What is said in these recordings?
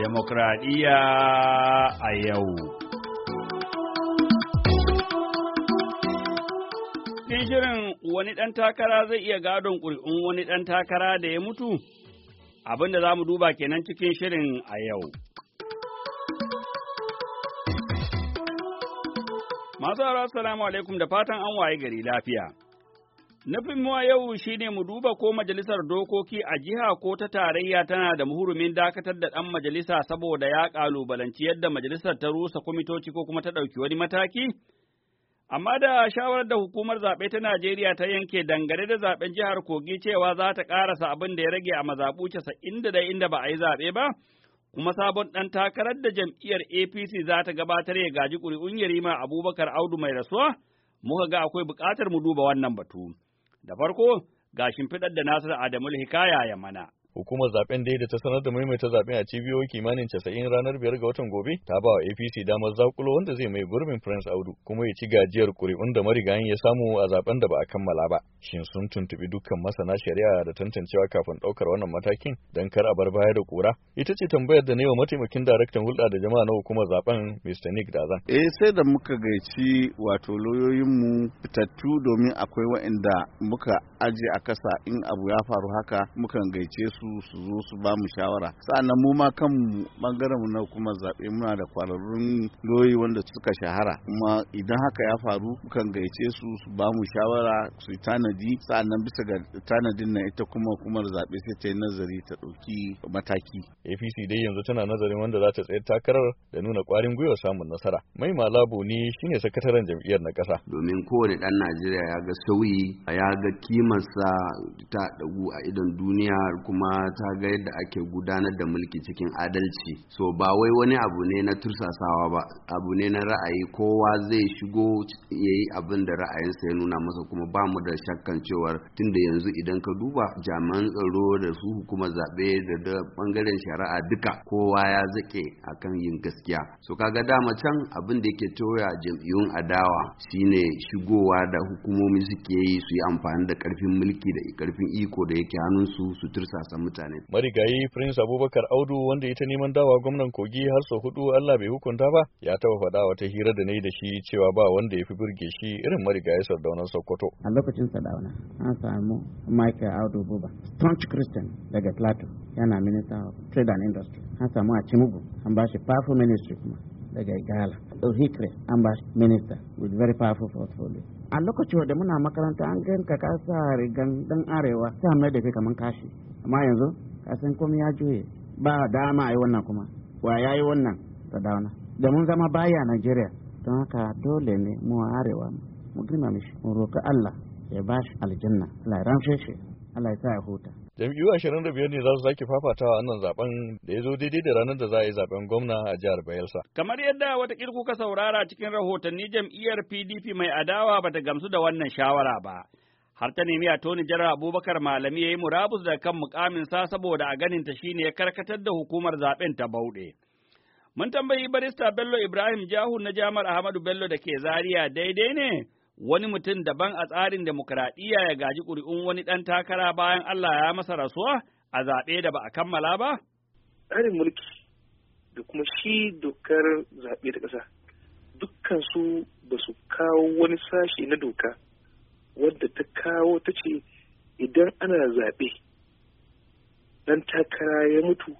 demokradiyya a yau. Cikin shirin wani ɗan takara zai iya gadon ƙuri'un wani ɗan takara da ya mutu? Abinda da za mu duba kenan cikin shirin a yau. Masu salamu alaikum da fatan an waye gari lafiya. Nufin ma yau shine mu duba ko majalisar dokoki a jiha ko ta tarayya tana da muhurumin dakatar da ɗan majalisa saboda ya ƙalubalanci yadda majalisar ta rusa kwamitoci ko kuma ta ɗauki wani mataki? Amma da shawarar da hukumar zaɓe ta Najeriya ta yanke dangane da zaɓen jihar Kogi cewa za ta ƙarasa abin da ya rage a mazaɓu casa'in da inda ba a yi zaɓe ba, kuma sabon ɗan takarar da jam'iyyar APC za ta gabatar ya gaji ƙuri'un Yarima Abubakar Audu mai rasuwa, muka ga akwai buƙatar mu duba wannan batu. Da farko, ga shimfiɗar da Nasiru Adamu Hikaya ya mana. Hukumar zaben da ta sanar da maimaita zaben a cibiyoyi kimanin casa'in ranar biyar ga watan gobe ta ba wa APC damar zakulo wanda zai mai gurbin Prince Audu kuma ya ci gajiyar kuri'un da marigayin ya samu a zaben da ba a kammala ba. Shin sun tuntubi dukkan masana shari'a da tantancewa kafin ɗaukar wannan matakin dan kar a bar baya da kura? Ita ce tambayar da ne wa mataimakin daraktan hulɗa da jama'a na hukumar zaben Mr. Nick Dazan. Eh sai da muka gaici wato lauyoyinmu fitattu domin akwai wa'anda muka aje a kasa in abu ya faru haka mukan gaice su su su zo su ba mu shawara sa'annan mu ma kanmu bangaren mu na kuma zaɓe muna da kwararrun loyi wanda suka shahara kuma idan haka ya faru kan gaice su su ba mu shawara su tanadi sa'annan bisa ga tanadin nan ita kuma kumar zaɓe sai ta yi nazari ta ɗauki mataki. APC dai yanzu tana nazarin wanda za ta tsayar takarar da nuna ƙwarin gwiwa samun nasara. Mai Malabo ne shine sakataren jam'iyyar na ƙasa. Domin kowane ɗan Najeriya ya ga sauyi ya ga kimarsa ta ɗagu a idan duniya kuma kuma ta ga yadda ake gudanar da mulki cikin adalci so ba wai wani abu ne na tursasawa ba abu ne na ra'ayi kowa zai shigo ya yi abin da ra'ayinsa ya nuna masa kuma ba mu da shakkan cewar tunda yanzu idan ka duba jami'an tsaro da su kuma zaɓe da bangaren shari'a duka kowa ya zake akan yin gaskiya so kaga dama can abin da yake toya jam'iyyun adawa shine shigowa da hukumomi suke yi su yi amfani da karfin mulki da karfin iko da yake hannun su su tursasa mutane. Marigayi Prince Abubakar Audu wanda ita neman dawa gwamnan Kogi har sau hudu Allah bai hukunta ba ya taba faɗa wata hira da na yi da shi cewa ba wanda ya fi burge shi irin marigayi Sardaunan Sokoto. A lokacin Sardauna an samu Michael Audu Buba, staunch Christian daga Plateau yana minista Trade and Industry. An samu a Chimugu an ba shi powerful ministry kuma daga Igala. Ohikre an ba shi minista with very powerful portfolio. a lokacin da muna makaranta an ganka ka sa rigan dan arewa ta mai da kai kaman kashi amma yanzu ka san komai ya juye ba dama a yi wannan kuma wa ya yi wannan da dauna da mun zama baya Najeriya don haka dole ne mu arewa mu girma mishi mu roƙi Allah ya ba shi aljanna Allah ya ramshe shi Allah ya sa ya huta jam'iyyu ashirin da biyar ne za su sake fafatawa wannan zaben da ya zo daidai da ranar da za a yi zaben gwamna a jihar Bayelsa. Kamar yadda wata kuka saurara cikin rahotanni jam'iyyar PDP mai adawa bata gamsu da wannan shawara ba. har ta nemi a toni jiran abubakar malami ya yi murabus da kan mukaminsa saboda a ganinta shine ya karkatar da hukumar zaben ta bauɗe. Mun tambayi barista Bello Ibrahim Jahu na Jamar Ahmadu Bello da ke Zaria daidai ne wani mutum daban a tsarin demokuraɗiyya ya gaji ƙuri'un wani ɗan takara bayan Allah ya masa rasuwa a zaɓe da ba a kammala ba? Tsarin mulki da kuma shi dokar zaɓe da ƙasa dukkan su ba su kawo wani sashi na doka wadda ta kawo ta ce idan ana zaɓe ɗan takara ya mutu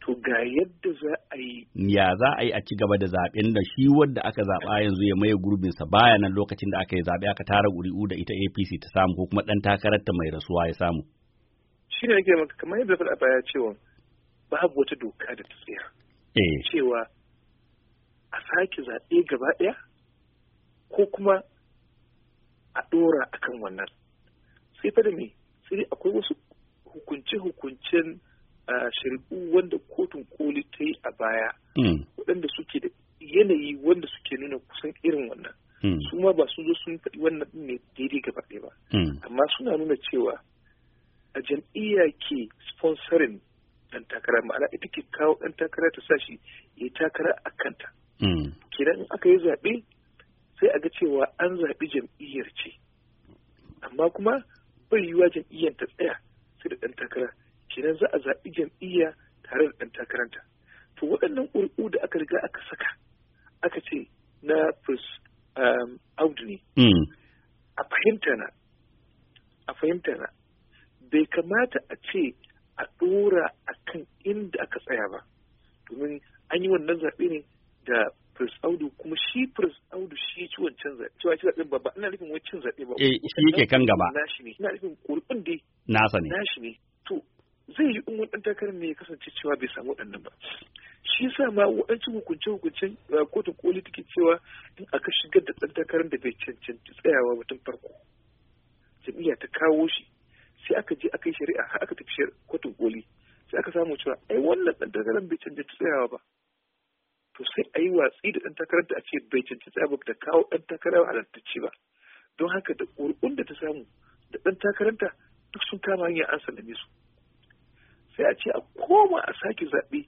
to ga yadda za a yi ya za a yi a ci gaba da zaɓen da shi wadda aka zaɓa yanzu ya maye gurbinsa baya nan lokacin da aka yi zaɓe aka tara ƙuri'u da ita apc ta samu ko kuma ɗan ta mai rasuwa ya samu shi ne yake maka kamar yadda faɗa baya cewa babu wata doka da ta tsaya eh. cewa a sake zaɓe gaba ɗaya ko kuma a ɗora a kan wannan sai fa da me sai akwai wasu hukunce-hukuncen shari'u wanda kotun koli ta yi a baya hmm. waɗanda suke da yanayi wanda suke nuna kusan irin wannan hmm. su ma ba su zo sun faɗi wannan ɗin ne daidai gaba ɗaya ba hmm. amma suna nuna cewa a jam'iyya ke sponsorin ɗan takara ma'ana ita ke kawo ɗan takara ta sa shi ya takara a kanta kenan in aka yi zaɓe sai a ga cewa an zaɓi jam'iyyar ce amma kuma bai yiwuwa jam'iyyar ta tsaya sai da ɗan takara kenan za a zaɓi jam'iyya tare da ɗan takaranta to waɗannan ƙuri'u da aka riga aka saka aka ce na fus um, audu ne hmm. a fahimta na a fahimta na bai kamata a ce a ɗora a kan inda aka tsaya ba domin an yi wannan zaɓe ne da Prince Audu kuma shi Prince Audu shi ci wancan zaɓe cewa ci zaɓen babba ina nufin wani cin zaɓe ba eh shi yake kan gaba shi ne ina nufin kurkun dai sani. na shi ne to zai yi in wani ɗan takarar ne ya kasance cewa bai samu waɗannan ba shi sa ma waɗancan hukunce-hukuncen eh, kotun koli take cewa in aka shigar da ɗan takarar da bai cancanci tsayawa ba tun farko jam'iyya ta kawo shi sai aka je aka yi shari'a aka tafi kotun koli sai aka samu cewa ai wannan ɗan takarar bai cancanci tsayawa ba to sai a yi watsi da ɗan takarar da a ce bai cancanta abu da kawo ɗan takarar lantarki ba don haka da ƙuri'un da ta samu da ɗan takararta duk sun kama hanyar an sallame su sai a ce a koma a sake zaɓe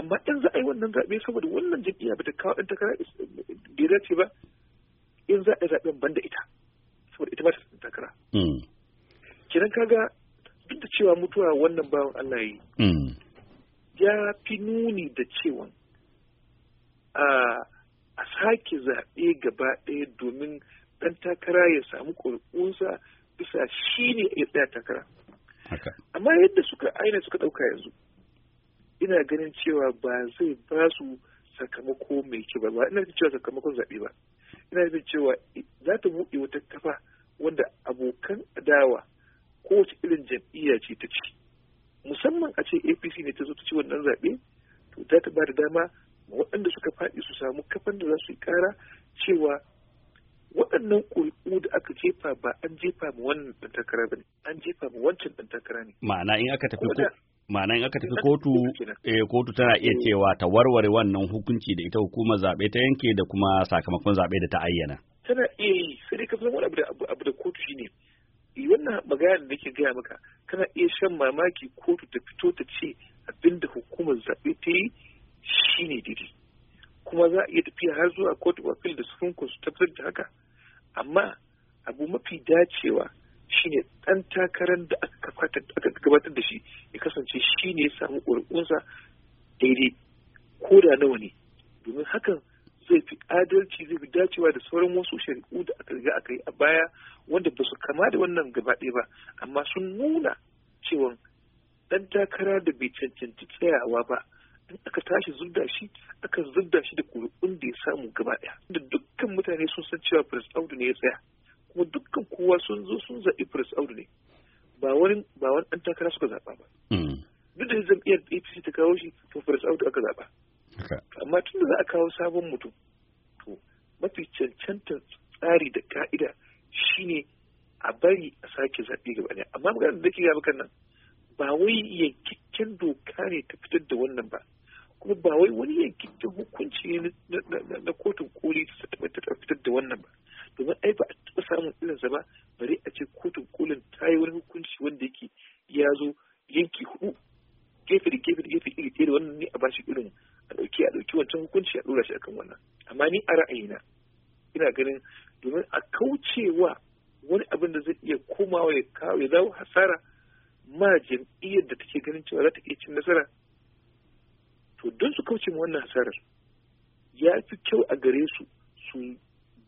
amma in za a yi wannan zaɓe saboda wannan jam'iyya ba ta kawo ɗan takara bai dace ba in za a yi zaɓen ban da ita saboda ita ba ta ɗan takara. Hmm. Kiran kaga duk da cewa mutuwa wannan bawan Allah ya yi. Hmm. Ya fi nuni da cewa a sake zaɓe gaba ɗaya domin ɗan takara ya samu ƙuri'unsa bisa shi ne ya tsaya takara. Amma yadda suka aina suka ɗauka yanzu, ina ganin cewa ba zai ba su sakamako mai kyau ba, ina ganin cewa sakamakon zaɓe ba. Ina ganin cewa za ta buɗe wata kafa wanda abokan adawa kowace irin jam'iyya ce ta ci. Musamman a ce APC ne ta zo ta ci wannan zaɓe, to za ta ba da dama waɗanda suka faɗi su samu kafan da za su yi ƙara cewa waɗannan ƙuri'u da aka jefa ba an jefa mu wannan ɗan takara ba ne an jefa mu wancan ɗan takara ne ma'ana in aka tafi ko ma'ana in aka tafi kotu eh, kotu tana iya eh. cewa ta warware wannan hukunci da ita hukumar zaɓe ta yanke da kuma sakamakon zaɓe da ta ayyana tana iya yi sai dai kafin wani abu da kotu shine eh, wannan magana da nake gaya maka kana iya shan mamaki kotu ta fito ta ce abinda hukumar zaɓe ta yi shi ne daidai kuma za a iya tafiya har zuwa court of appeal da supreme court su tabbatar da haka amma abu mafi dacewa shine ɗan takarar da aka gabatar da shi ya kasance shi ne ya samu ƙuri'unsa daidai ko da nawa ne domin hakan zai fi adalci zai fi dacewa da sauran wasu shari'u da aka riga aka yi a baya wanda ba su kama da wannan gaba ba amma sun nuna cewa ɗan takara da bai cancanci tsayawa ba in aka tashi zubda shi aka zubda shi da kuri'un da ya samu gaba ɗaya da dukkan mutane sun san cewa firis audu ne ya tsaya kuma dukkan kowa sun zo sun zaɓi firis audu ne ba wani ba ɗan takara suka zaɓa ba hmm. duk da jam'iyyar apc ta kawo shi to firis audu aka zaɓa amma tun da za a kawo sabon mutum to mafi cancanta tsari da ka'ida shine a bari a sake zaɓe gaba ɗaya amma maganar da ke gaba kan nan ba wai yankakken doka ne ta fitar da wannan ba kuma ba wai wani yankin hukunci na kotun koli ta tabbatar da wannan ba domin ai ba a taɓa samun irinsa ba bare a ce kotun kolin ta yi wani hukunci wanda yake ya zo yanki hudu gefe da gefe da gefe iri ɗaya da wannan ne a bashi irin a ɗauki a ɗauki wancan hukunci a ɗora shi akan wannan amma ni a ra'ayina ina ganin domin a kaucewa wani abin da zai iya komawa ya kawo ya dawo hasara ma jam'iyyar da take ganin cewa za ta iya cin nasara to don su kauce wannan hasarar ya fi kyau a gare su su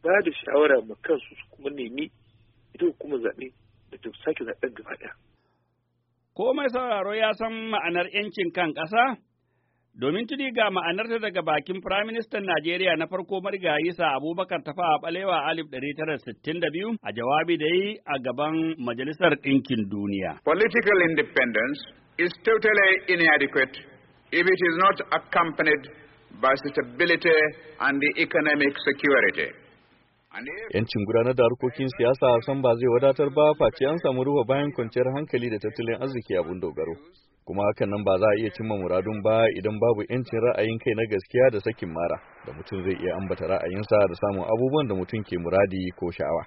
ba da shawara ma kansu su kuma nemi ita kuma zaɓe da ta sake zaɓen gaba ɗaya. Ko sauraro ya san ma'anar ‘yancin kan ƙasa? Domin tuni ga ma'anarta daga bakin Firaministan Najeriya na farko marigayi sa Abubakar Tafa a Balewa alif ɗari tara sittin da biyu a jawabi da yi a gaban Majalisar Ɗinkin Duniya. Political independence is totally inadequate if it is not accompanied by stability and the economic security. Yancin gudanar da harkokin siyasa san ba zai wadatar ba face an samu ruwa bayan kwanciyar hankali da tattalin arziki abun dogaro. Kuma hakan nan ba za a iya cimma muradun ba idan babu yancin ra'ayin kai na gaskiya da sakin mara da mutum zai iya ambata ra'ayinsa da samun abubuwan da mutum ke muradi ko sha'awa.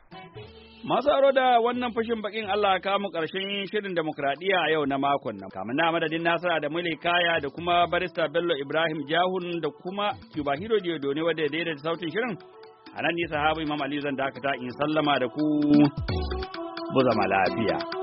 Masu aro da wannan fashin bakin Allah ka mu ƙarshen shirin demokradiyya a yau na makon nan. Kamun na madadin Nasara da Mule Kaya da kuma barista Bello Ibrahim Jahun da kuma Cuba Hiro Diodo wadda ya daidaita sautin shirin. A nan ni sahabu Imam Ali zan dakata in sallama da ku Bu zama lafiya.